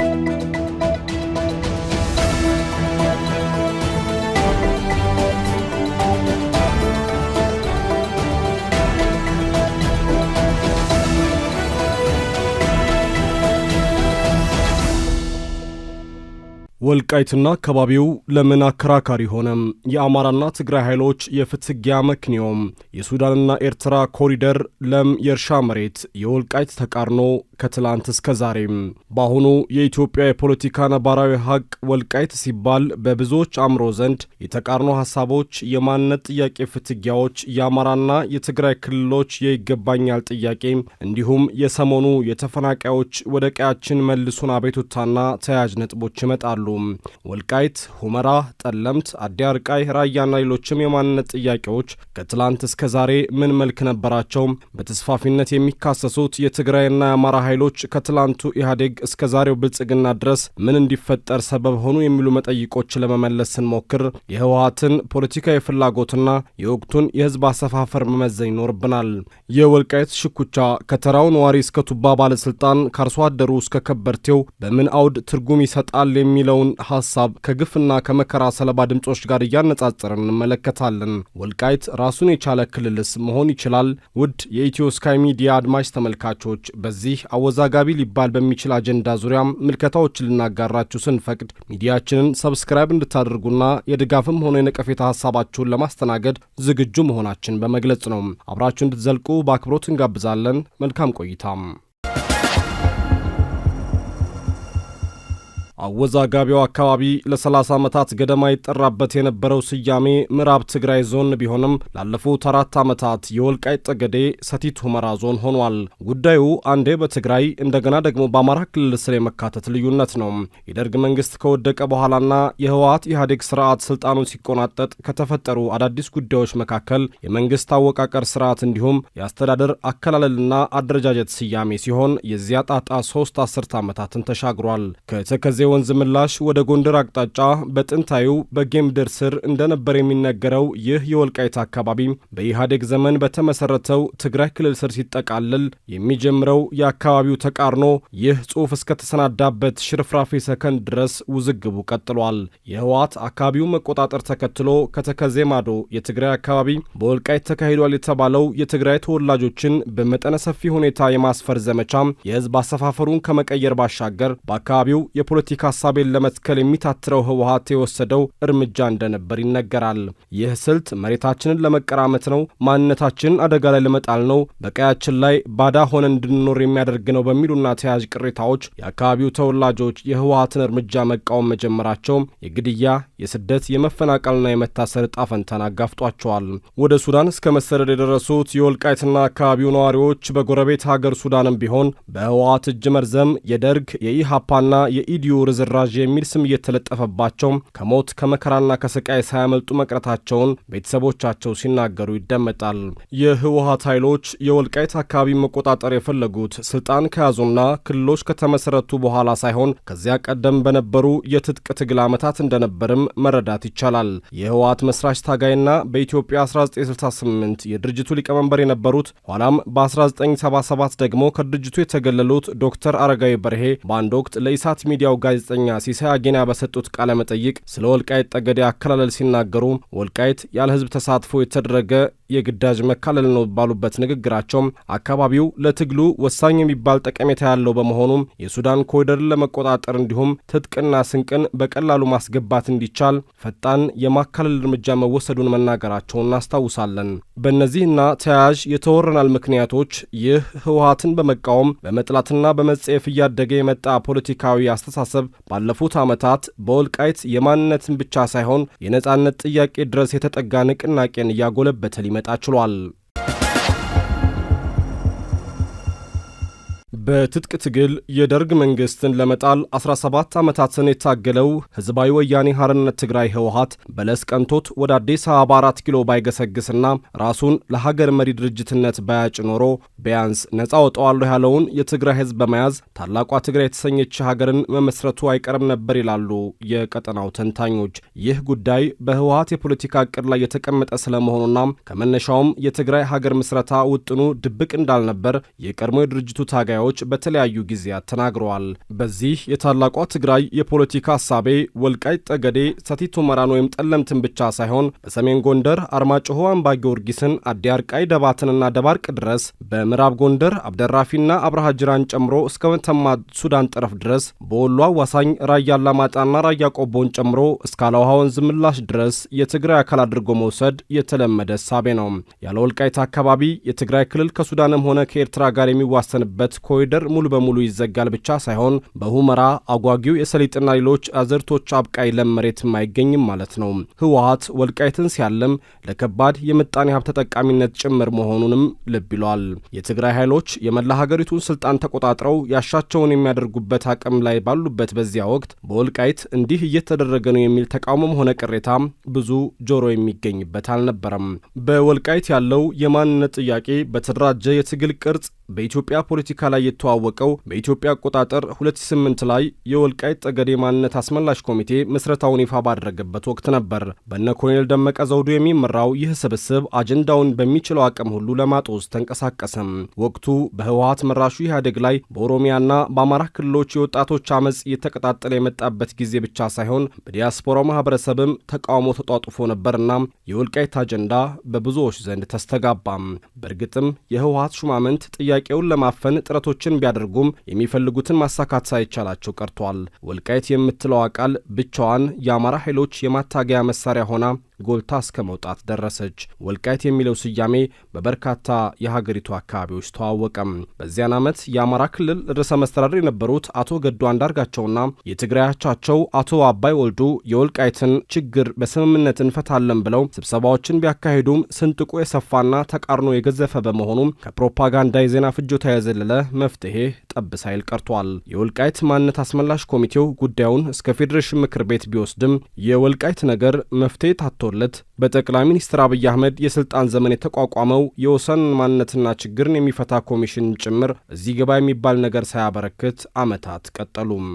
Thank you. ወልቃይትና አካባቢው ለምን አከራካሪ ሆነም? የአማራና ትግራይ ኃይሎች የፍትጊያ መክንዮም፣ የሱዳንና ኤርትራ ኮሪደር፣ ለም የእርሻ መሬት፣ የወልቃይት ተቃርኖ ከትላንት እስከ ዛሬም። በአሁኑ የኢትዮጵያ የፖለቲካ ነባራዊ ሀቅ ወልቃይት ሲባል በብዙዎች አእምሮ ዘንድ የተቃርኖ ሀሳቦች፣ የማንነት ጥያቄ ፍትጊያዎች፣ የአማራና የትግራይ ክልሎች የይገባኛል ጥያቄ እንዲሁም የሰሞኑ የተፈናቃዮች ወደ ቀያችን መልሱን አቤቱታና ተያያዥ ነጥቦች ይመጣሉ። ወልቃይት፣ ሁመራ፣ ጠለምት፣ አዲ አርቃይ፣ ራያና ሌሎችም የማንነት ጥያቄዎች ከትላንት እስከ ዛሬ ምን መልክ ነበራቸው? በተስፋፊነት የሚካሰሱት የትግራይና የአማራ ኃይሎች ከትላንቱ ኢህአዴግ እስከ ዛሬው ብልጽግና ድረስ ምን እንዲፈጠር ሰበብ ሆኑ? የሚሉ መጠይቆች ለመመለስ ስንሞክር የህወሀትን ፖለቲካዊ ፍላጎትና የወቅቱን የህዝብ አሰፋፈር መመዘን ይኖርብናል። የወልቃይት ሽኩቻ ከተራው ነዋሪ እስከ ቱባ ባለስልጣን ከአርሶ አደሩ እስከ ከበርቴው በምን አውድ ትርጉም ይሰጣል የሚለውን ሀሳብ ከግፍና ከመከራ ሰለባ ድምጾች ጋር እያነጻጸርን እንመለከታለን። ወልቃይት ራሱን የቻለ ክልልስ መሆን ይችላል? ውድ የኢትዮ ስካይ ሚዲያ አድማጭ ተመልካቾች በዚህ አወዛጋቢ ሊባል በሚችል አጀንዳ ዙሪያም ምልከታዎችን ልናጋራችሁ ስንፈቅድ ሚዲያችንን ሰብስክራይብ እንድታደርጉና የድጋፍም ሆነ የነቀፌታ ሀሳባችሁን ለማስተናገድ ዝግጁ መሆናችን በመግለጽ ነው። አብራችሁ እንድትዘልቁ በአክብሮት እንጋብዛለን። መልካም ቆይታም አወዛጋቢው አካባቢ ለ30 ዓመታት ገደማ ይጠራበት የነበረው ስያሜ ምዕራብ ትግራይ ዞን ቢሆንም ላለፉት አራት ዓመታት የወልቃይት ጠገዴ ሰቲት ሁመራ ዞን ሆኗል። ጉዳዩ አንዴ በትግራይ እንደገና ደግሞ በአማራ ክልል ስር የመካተት ልዩነት ነው። የደርግ መንግስት ከወደቀ በኋላና የህወሀት ኢህአዴግ ስርዓት ስልጣኑን ሲቆናጠጥ ከተፈጠሩ አዳዲስ ጉዳዮች መካከል የመንግስት አወቃቀር ስርዓት እንዲሁም የአስተዳደር አከላለልና አደረጃጀት ስያሜ ሲሆን የዚያ ጣጣ ሶስት አስርት ዓመታትን ተሻግሯል ከተከዜ ወንዝ ምላሽ ወደ ጎንደር አቅጣጫ በጥንታዩ በጌምድር ስር እንደነበር የሚነገረው ይህ የወልቃይት አካባቢ በኢህአዴግ ዘመን በተመሰረተው ትግራይ ክልል ስር ሲጠቃለል የሚጀምረው የአካባቢው ተቃርኖ ይህ ጽሑፍ እስከተሰናዳበት ሽርፍራፊ ሰከንድ ድረስ ውዝግቡ ቀጥሏል። የህወሓት አካባቢው መቆጣጠር ተከትሎ ከተከዜ ማዶ የትግራይ አካባቢ በወልቃይት ተካሂዷል የተባለው የትግራይ ተወላጆችን በመጠነ ሰፊ ሁኔታ የማስፈር ዘመቻ የህዝብ አሰፋፈሩን ከመቀየር ባሻገር በአካባቢው የፖለቲካ የፖለቲካ ሀሳቤን ለመትከል የሚታትረው ህወሀት የወሰደው እርምጃ እንደነበር ይነገራል። ይህ ስልት መሬታችንን ለመቀራመት ነው፣ ማንነታችንን አደጋ ላይ ለመጣል ነው፣ በቀያችን ላይ ባዳ ሆነ እንድንኖር የሚያደርግ ነው በሚሉና ተያያዥ ቅሬታዎች የአካባቢው ተወላጆች የህወሀትን እርምጃ መቃወም መጀመራቸውም የግድያ የስደት የመፈናቀልና የመታሰር ዕጣ ፈንታን አጋፍጧቸዋል። ወደ ሱዳን እስከ መሰደድ የደረሱት የወልቃይትና አካባቢው ነዋሪዎች በጎረቤት ሀገር ሱዳንም ቢሆን በህወሀት እጅ መርዘም የደርግ የኢሃፓና የኢዲዩ ዝራዥ የሚል ስም እየተለጠፈባቸው ከሞት ከመከራና ከስቃይ ሳያመልጡ መቅረታቸውን ቤተሰቦቻቸው ሲናገሩ ይደመጣል። የህወሀት ኃይሎች የወልቃይት አካባቢ መቆጣጠር የፈለጉት ስልጣን ከያዙና ክልሎች ከተመሰረቱ በኋላ ሳይሆን ከዚያ ቀደም በነበሩ የትጥቅ ትግል ዓመታት እንደነበርም መረዳት ይቻላል። የህወሀት መስራች ታጋይና በኢትዮጵያ 1968 የድርጅቱ ሊቀመንበር የነበሩት ኋላም በ1977 ደግሞ ከድርጅቱ የተገለሉት ዶክተር አረጋዊ በርሄ በአንድ ወቅት ለኢሳት ሚዲያው ጋዜ ጋዜጠኛ ሲሳይ አጌና በሰጡት ቃለ መጠይቅ ስለ ወልቃይት ጠገዴ አከላለል ሲናገሩ ወልቃይት ያለ ህዝብ ተሳትፎ የተደረገ የግዳጅ መካለል ነው ባሉበት ንግግራቸው አካባቢው ለትግሉ ወሳኝ የሚባል ጠቀሜታ ያለው በመሆኑም የሱዳን ኮሪደርን ለመቆጣጠር እንዲሁም ትጥቅና ስንቅን በቀላሉ ማስገባት እንዲቻል ፈጣን የማካለል እርምጃ መወሰዱን መናገራቸውን እናስታውሳለን። በእነዚህና ተያያዥ የተወረናል ምክንያቶች ይህ ህወሀትን በመቃወም በመጥላትና በመጸየፍ እያደገ የመጣ ፖለቲካዊ አስተሳሰብ ባለፉት ዓመታት በወልቃይት የማንነትን ብቻ ሳይሆን የነጻነት ጥያቄ ድረስ የተጠጋ ንቅናቄን እያጎለበተ ሊመጣ ችሏል። በትጥቅ ትግል የደርግ መንግስትን ለመጣል 17 ዓመታትን የታገለው ህዝባዊ ወያኔ ሐርነት ትግራይ ህወሀት በለስ ቀንቶት ወደ አዲስ አበባ 4 ኪሎ ባይገሰግስና ራሱን ለሀገር መሪ ድርጅትነት ባያጭ ኖሮ ቢያንስ ነፃ ወጠዋለሁ ያለውን የትግራይ ህዝብ በመያዝ ታላቋ ትግራይ የተሰኘች ሀገርን መመስረቱ አይቀርም ነበር ይላሉ የቀጠናው ተንታኞች። ይህ ጉዳይ በህወሀት የፖለቲካ እቅድ ላይ የተቀመጠ ስለመሆኑና ከመነሻውም የትግራይ ሀገር ምስረታ ውጥኑ ድብቅ እንዳልነበር የቀድሞ የድርጅቱ ታጋዮች በተለያዩ ጊዜያት ተናግረዋል። በዚህ የታላቋ ትግራይ የፖለቲካ ሀሳቤ ወልቃይት ጠገዴ፣ ሰቲት ሁመራን ወይም ጠለምትን ብቻ ሳይሆን በሰሜን ጎንደር አርማጭሆ፣ አምባ ጊዮርጊስን፣ አዲ አርቃይ፣ ደባትንና ደባርቅ ድረስ በምዕራብ ጎንደር አብደራፊና አብርሃ ጅራን ጨምሮ እስከ መተማ ሱዳን ጠረፍ ድረስ በወሎ አዋሳኝ ራያ አላማጣና ራያ ቆቦን ጨምሮ እስከ አላውሃ ወንዝ ምላሽ ድረስ የትግራይ አካል አድርጎ መውሰድ የተለመደ እሳቤ ነው። ያለ ወልቃይት አካባቢ የትግራይ ክልል ከሱዳንም ሆነ ከኤርትራ ጋር የሚዋሰንበት ኮ ኮሪደር ሙሉ በሙሉ ይዘጋል ብቻ ሳይሆን በሁመራ አጓጊው የሰሊጥና ሌሎች አዝርቶች አብቃይ ለም መሬትም አይገኝም ማለት ነው። ህወሀት ወልቃይትን ሲያለም ለከባድ የምጣኔ ሀብት ተጠቃሚነት ጭምር መሆኑንም ልብ ይሏል። የትግራይ ኃይሎች የመላ ሀገሪቱን ስልጣን ተቆጣጥረው ያሻቸውን የሚያደርጉበት አቅም ላይ ባሉበት በዚያ ወቅት በወልቃይት እንዲህ እየተደረገ ነው የሚል ተቃውሞም ሆነ ቅሬታ ብዙ ጆሮ የሚገኝበት አልነበረም። በወልቃይት ያለው የማንነት ጥያቄ በተደራጀ የትግል ቅርጽ በኢትዮጵያ ፖለቲካ ላይ የተዋወቀው በኢትዮጵያ አቆጣጠር 2008 ላይ የወልቃይት ጠገዴ ማንነት አስመላሽ ኮሚቴ ምስረታውን ይፋ ባደረገበት ወቅት ነበር። በነ ኮሎኔል ደመቀ ዘውዱ የሚመራው ይህ ስብስብ አጀንዳውን በሚችለው አቅም ሁሉ ለማጦዝ ተንቀሳቀሰም። ወቅቱ በህወሀት መራሹ ኢህአዴግ ላይ በኦሮሚያና በአማራ ክልሎች የወጣቶች አመፅ እየተቀጣጠለ የመጣበት ጊዜ ብቻ ሳይሆን በዲያስፖራው ማህበረሰብም ተቃውሞ ተጧጡፎ ነበርና የወልቃይት አጀንዳ በብዙዎች ዘንድ ተስተጋባም። በእርግጥም የህወሀት ሹማምንት ጥያቄውን ለማፈን ጥረቶች ጥረቶችን ቢያደርጉም የሚፈልጉትን ማሳካት ሳይቻላቸው ቀርቷል። ወልቃይት የምትለው ቃል ብቻዋን የአማራ ኃይሎች የማታገያ መሳሪያ ሆና ጎልታ እስከ መውጣት ደረሰች። ወልቃይት የሚለው ስያሜ በበርካታ የሀገሪቱ አካባቢዎች ተዋወቀም። በዚያን ዓመት የአማራ ክልል ርዕሰ መስተዳድር የነበሩት አቶ ገዱ አንዳርጋቸውና የትግራይ አቻቸው አቶ አባይ ወልዱ የወልቃይትን ችግር በስምምነት እንፈታለን ብለው ስብሰባዎችን ቢያካሂዱም ስንጥቁ የሰፋና ተቃርኖ የገዘፈ በመሆኑም ከፕሮፓጋንዳ የዜና ፍጆታ የዘለለ መፍትሄ ጠብ ሳይል ቀርቷል። የወልቃይት ማንነት አስመላሽ ኮሚቴው ጉዳዩን እስከ ፌዴሬሽን ምክር ቤት ቢወስድም የወልቃይት ነገር መፍትሄ ታቶ ተፈቅዶለት በጠቅላይ ሚኒስትር አብይ አህመድ የስልጣን ዘመን የተቋቋመው የወሰን ማንነትና ችግርን የሚፈታ ኮሚሽን ጭምር እዚህ ገባ የሚባል ነገር ሳያበረክት ዓመታት ቀጠሉም።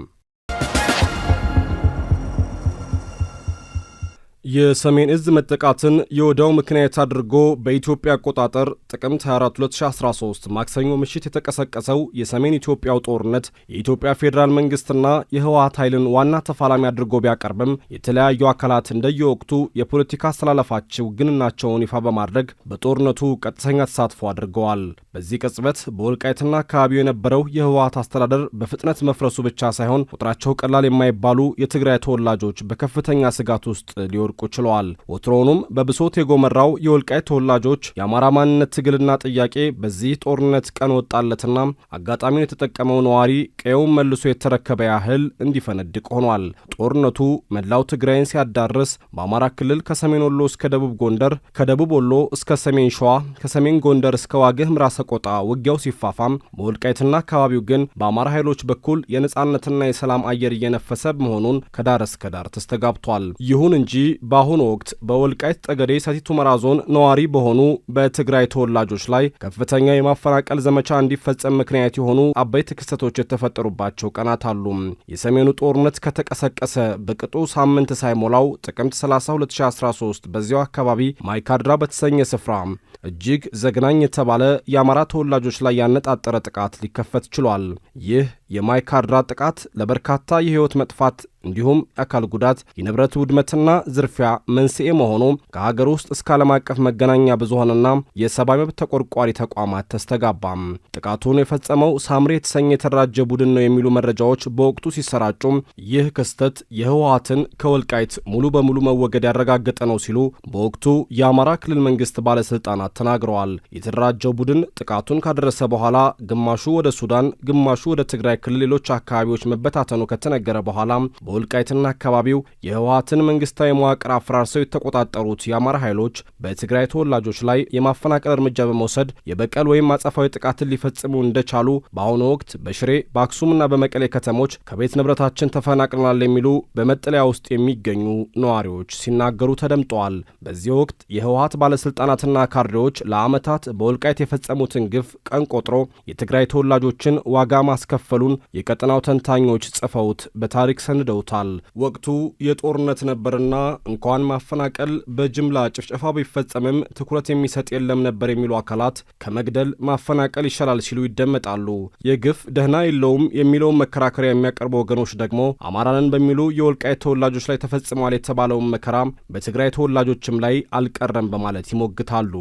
የሰሜን እዝ መጠቃትን የወዳው ምክንያት አድርጎ በኢትዮጵያ አቆጣጠር ጥቅምት 24 2013 ማክሰኞ ምሽት የተቀሰቀሰው የሰሜን ኢትዮጵያው ጦርነት የኢትዮጵያ ፌዴራል መንግስትና የህወሀት ኃይልን ዋና ተፋላሚ አድርጎ ቢያቀርብም የተለያዩ አካላት እንደየወቅቱ የፖለቲካ አስተላለፋቸው ግንናቸውን ይፋ በማድረግ በጦርነቱ ቀጥተኛ ተሳትፎ አድርገዋል። በዚህ ቅጽበት በወልቃይትና አካባቢው የነበረው የህወሀት አስተዳደር በፍጥነት መፍረሱ ብቻ ሳይሆን ቁጥራቸው ቀላል የማይባሉ የትግራይ ተወላጆች በከፍተኛ ስጋት ውስጥ ሊወድቁ ሊያበቁ ችለዋል። ወትሮኑም በብሶት የጎመራው የወልቃይት ተወላጆች የአማራ ማንነት ትግልና ጥያቄ በዚህ ጦርነት ቀን ወጣለትና አጋጣሚውን የተጠቀመው ነዋሪ ቀየውን መልሶ የተረከበ ያህል እንዲፈነድቅ ሆኗል። ጦርነቱ መላው ትግራይን ሲያዳርስ በአማራ ክልል ከሰሜን ወሎ እስከ ደቡብ ጎንደር፣ ከደቡብ ወሎ እስከ ሰሜን ሸዋ፣ ከሰሜን ጎንደር እስከ ዋግህ ምራ ሰቆጣ ውጊያው ሲፋፋም፣ በወልቃይትና አካባቢው ግን በአማራ ኃይሎች በኩል የነጻነትና የሰላም አየር እየነፈሰ መሆኑን ከዳር እስከ ዳር ተስተጋብቷል። ይሁን እንጂ በአሁኑ ወቅት በወልቃይት ጠገዴ ሰቲት ሁመራ ዞን ነዋሪ በሆኑ በትግራይ ተወላጆች ላይ ከፍተኛ የማፈናቀል ዘመቻ እንዲፈጸም ምክንያት የሆኑ አበይት ክስተቶች የተፈጠሩባቸው ቀናት አሉ። የሰሜኑ ጦርነት ከተቀሰቀሰ በቅጡ ሳምንት ሳይሞላው ጥቅምት 30 2013 በዚያው አካባቢ ማይካድራ በተሰኘ ስፍራ እጅግ ዘግናኝ የተባለ የአማራ ተወላጆች ላይ ያነጣጠረ ጥቃት ሊከፈት ችሏል። ይህ የማይካድራ ጥቃት ለበርካታ የሕይወት መጥፋት እንዲሁም የአካል ጉዳት የንብረት ውድመትና ዝርፊያ መንስኤ መሆኑ ከሀገር ውስጥ እስከ ዓለም አቀፍ መገናኛ ብዙኃንና የሰብአዊ መብት ተቆርቋሪ ተቋማት ተስተጋባም። ጥቃቱን የፈጸመው ሳምሪ የተሰኘ የተደራጀ ቡድን ነው የሚሉ መረጃዎች በወቅቱ ሲሰራጩ ይህ ክስተት የህወሀትን ከወልቃይት ሙሉ በሙሉ መወገድ ያረጋገጠ ነው ሲሉ በወቅቱ የአማራ ክልል መንግስት ባለስልጣናት ተናግረዋል። የተደራጀው ቡድን ጥቃቱን ካደረሰ በኋላ ግማሹ ወደ ሱዳን፣ ግማሹ ወደ ትግራይ በትግራይ ክልል ሌሎች አካባቢዎች መበታተኑ ከተነገረ በኋላ በወልቃይትና አካባቢው የህወሀትን መንግስታዊ መዋቅር አፈራርሰው የተቆጣጠሩት የአማራ ኃይሎች በትግራይ ተወላጆች ላይ የማፈናቀል እርምጃ በመውሰድ የበቀል ወይም አጸፋዊ ጥቃትን ሊፈጽሙ እንደቻሉ በአሁኑ ወቅት በሽሬ በአክሱምና በመቀሌ ከተሞች ከቤት ንብረታችን ተፈናቅለናል የሚሉ በመጠለያ ውስጥ የሚገኙ ነዋሪዎች ሲናገሩ ተደምጠዋል። በዚህ ወቅት የህወሀት ባለስልጣናትና ካድሬዎች ለአመታት በወልቃይት የፈጸሙትን ግፍ ቀን ቆጥሮ የትግራይ ተወላጆችን ዋጋ ማስከፈሉ መባሉን የቀጠናው ተንታኞች ጽፈውት በታሪክ ሰንደውታል። ወቅቱ የጦርነት ነበርና እንኳን ማፈናቀል በጅምላ ጭፍጨፋ ቢፈጸምም ትኩረት የሚሰጥ የለም ነበር የሚሉ አካላት ከመግደል ማፈናቀል ይሻላል ሲሉ ይደመጣሉ። የግፍ ደህና የለውም የሚለውን መከራከሪያ የሚያቀርቡ ወገኖች ደግሞ አማራንን በሚሉ የወልቃይት ተወላጆች ላይ ተፈጽሟል የተባለውን መከራ በትግራይ ተወላጆችም ላይ አልቀረም በማለት ይሞግታሉ።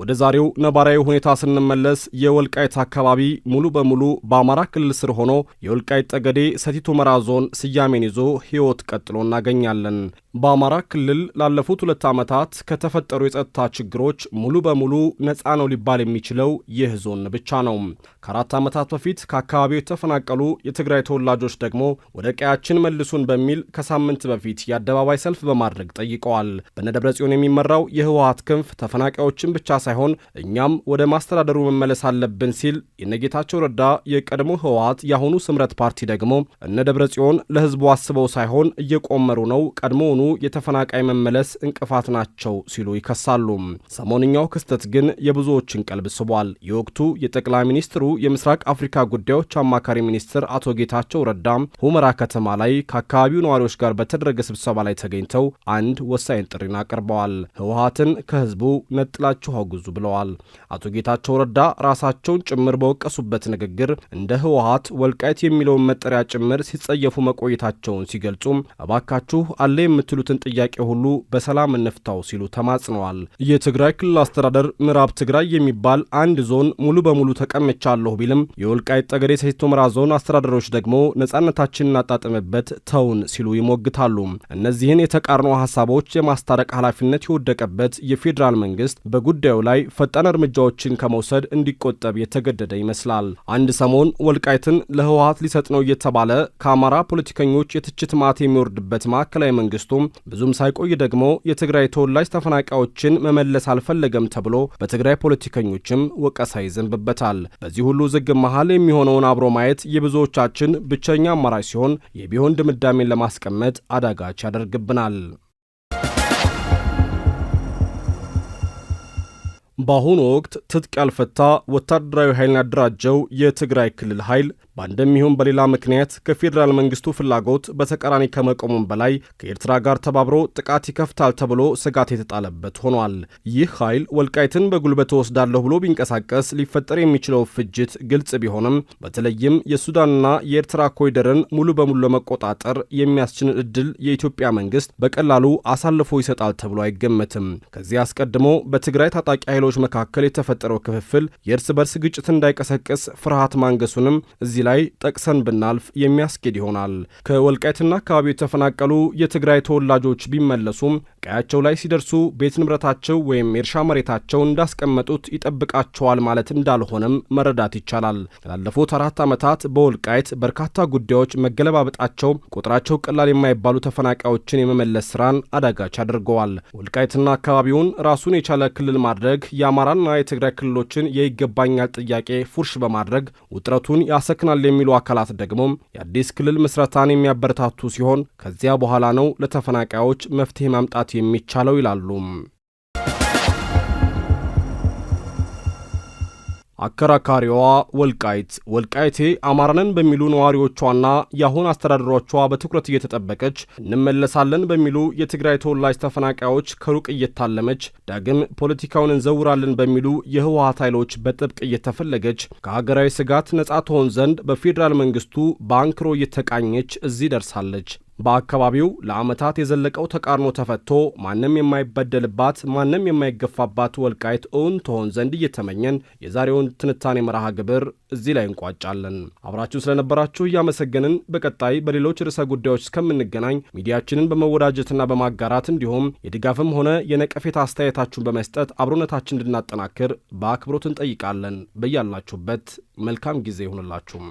ወደ ዛሬው ነባራዊ ሁኔታ ስንመለስ የወልቃይት አካባቢ ሙሉ በሙሉ በአማራ ክልል ስር ሆኖ የወልቃይት ጠገዴ ሰቲት ሁመራ ዞን ስያሜን ይዞ ሕይወት ቀጥሎ እናገኛለን። በአማራ ክልል ላለፉት ሁለት ዓመታት ከተፈጠሩ የጸጥታ ችግሮች ሙሉ በሙሉ ነፃ ነው ሊባል የሚችለው ይህ ዞን ብቻ ነው። ከአራት ዓመታት በፊት ከአካባቢው የተፈናቀሉ የትግራይ ተወላጆች ደግሞ ወደ ቀያችን መልሱን በሚል ከሳምንት በፊት የአደባባይ ሰልፍ በማድረግ ጠይቀዋል። በነደብረ ጽዮን የሚመራው የህወሀት ክንፍ ተፈናቃዮችን ብቻ ሳይሆን እኛም ወደ ማስተዳደሩ መመለስ አለብን ሲል የነጌታቸው ረዳ የቀድሞ ህወሀት የአሁኑ ስምረት ፓርቲ ደግሞ እነ ደብረ ጽዮን ለህዝቡ አስበው ሳይሆን እየቆመሩ ነው ቀድሞ በመሆኑ የተፈናቃይ መመለስ እንቅፋት ናቸው ሲሉ ይከሳሉ። ሰሞንኛው ክስተት ግን የብዙዎችን ቀልብ ስቧል። የወቅቱ የጠቅላይ ሚኒስትሩ የምስራቅ አፍሪካ ጉዳዮች አማካሪ ሚኒስትር አቶ ጌታቸው ረዳ ሁመራ ከተማ ላይ ከአካባቢው ነዋሪዎች ጋር በተደረገ ስብሰባ ላይ ተገኝተው አንድ ወሳኝ ጥሪን አቅርበዋል። ህወሀትን ከህዝቡ ነጥላችሁ አውግዙ ብለዋል። አቶ ጌታቸው ረዳ ራሳቸውን ጭምር በወቀሱበት ንግግር እንደ ህወሀት ወልቃይት የሚለውን መጠሪያ ጭምር ሲጸየፉ መቆየታቸውን ሲገልጹም እባካችሁ አለ የምት የምትሉትን ጥያቄ ሁሉ በሰላም እንፍታው ሲሉ ተማጽነዋል። የትግራይ ክልል አስተዳደር ምዕራብ ትግራይ የሚባል አንድ ዞን ሙሉ በሙሉ ተቀምቻለሁ ቢልም የወልቃይት ጠገዴ ሰቲት ሁመራ ዞን አስተዳደሮች ደግሞ ነጻነታችን እናጣጥምበት ተውን ሲሉ ይሞግታሉ። እነዚህን የተቃርኖ ሀሳቦች የማስታረቅ ኃላፊነት የወደቀበት የፌዴራል መንግስት በጉዳዩ ላይ ፈጣን እርምጃዎችን ከመውሰድ እንዲቆጠብ የተገደደ ይመስላል። አንድ ሰሞን ወልቃይትን ለህወሀት ሊሰጥ ነው እየተባለ ከአማራ ፖለቲከኞች የትችት ማት የሚወርድበት ማዕከላዊ መንግስቱ ብዙም ሳይቆይ ደግሞ የትግራይ ተወላጅ ተፈናቃዮችን መመለስ አልፈለገም ተብሎ በትግራይ ፖለቲከኞችም ወቀሳ ይዘንብበታል። በዚህ ሁሉ ዝግብ መሃል የሚሆነውን አብሮ ማየት የብዙዎቻችን ብቸኛ አማራጭ ሲሆን የቢሆን ድምዳሜን ለማስቀመጥ አዳጋች ያደርግብናል። በአሁኑ ወቅት ትጥቅ ያልፈታ ወታደራዊ ኃይልን ያደራጀው የትግራይ ክልል ኃይል በአንድም ይሁን በሌላ ምክንያት ከፌዴራል መንግስቱ ፍላጎት በተቃራኒ ከመቆሙም በላይ ከኤርትራ ጋር ተባብሮ ጥቃት ይከፍታል ተብሎ ስጋት የተጣለበት ሆኗል። ይህ ኃይል ወልቃይትን በጉልበት ወስዳለሁ ብሎ ቢንቀሳቀስ ሊፈጠር የሚችለው ፍጅት ግልጽ ቢሆንም በተለይም የሱዳንና የኤርትራ ኮሪደርን ሙሉ በሙሉ ለመቆጣጠር የሚያስችል እድል የኢትዮጵያ መንግስት በቀላሉ አሳልፎ ይሰጣል ተብሎ አይገመትም። ከዚህ አስቀድሞ በትግራይ ታጣቂ ኃይሎች መካከል የተፈጠረው ክፍፍል የእርስ በርስ ግጭት እንዳይቀሰቅስ ፍርሃት ማንገሱንም እዚህ ላይ ላይ ጠቅሰን ብናልፍ የሚያስኬድ ይሆናል። ከወልቃይትና አካባቢው የተፈናቀሉ የትግራይ ተወላጆች ቢመለሱም ቀያቸው ላይ ሲደርሱ ቤት ንብረታቸው ወይም የእርሻ መሬታቸው እንዳስቀመጡት ይጠብቃቸዋል ማለት እንዳልሆነም መረዳት ይቻላል። ላለፉት አራት ዓመታት በወልቃይት በርካታ ጉዳዮች መገለባበጣቸው ቁጥራቸው ቀላል የማይባሉ ተፈናቃዮችን የመመለስ ስራን አዳጋች አድርገዋል። ወልቃይትና አካባቢውን ራሱን የቻለ ክልል ማድረግ የአማራና የትግራይ ክልሎችን የይገባኛል ጥያቄ ፉርሽ በማድረግ ውጥረቱን ያሰክናል ይገባል የሚሉ አካላት ደግሞ የአዲስ ክልል ምስረታን የሚያበረታቱ ሲሆን ከዚያ በኋላ ነው ለተፈናቃዮች መፍትሄ ማምጣት የሚቻለው ይላሉ። አከራካሪዋ ወልቃይት ወልቃይቴ አማራነን በሚሉ ነዋሪዎቿና የአሁን አስተዳደሮቿ በትኩረት እየተጠበቀች እንመለሳለን በሚሉ የትግራይ ተወላጅ ተፈናቃዮች ከሩቅ እየታለመች ዳግም ፖለቲካውን እንዘውራለን በሚሉ የህወሀት ኃይሎች በጥብቅ እየተፈለገች ከሀገራዊ ስጋት ነጻ ትሆን ዘንድ በፌዴራል መንግስቱ በአንክሮ እየተቃኘች እዚህ ደርሳለች። በአካባቢው ለዓመታት የዘለቀው ተቃርኖ ተፈቶ ማንም የማይበደልባት ማንም የማይገፋባት ወልቃይት እውን ትሆን ዘንድ እየተመኘን የዛሬውን ትንታኔ መርሃ ግብር እዚህ ላይ እንቋጫለን። አብራችሁ ስለነበራችሁ እያመሰገንን በቀጣይ በሌሎች ርዕሰ ጉዳዮች እስከምንገናኝ ሚዲያችንን በመወዳጀትና በማጋራት እንዲሁም የድጋፍም ሆነ የነቀፌታ አስተያየታችሁን በመስጠት አብሮነታችን እንድናጠናክር በአክብሮት እንጠይቃለን። በያላችሁበት መልካም ጊዜ ይሁንላችሁም።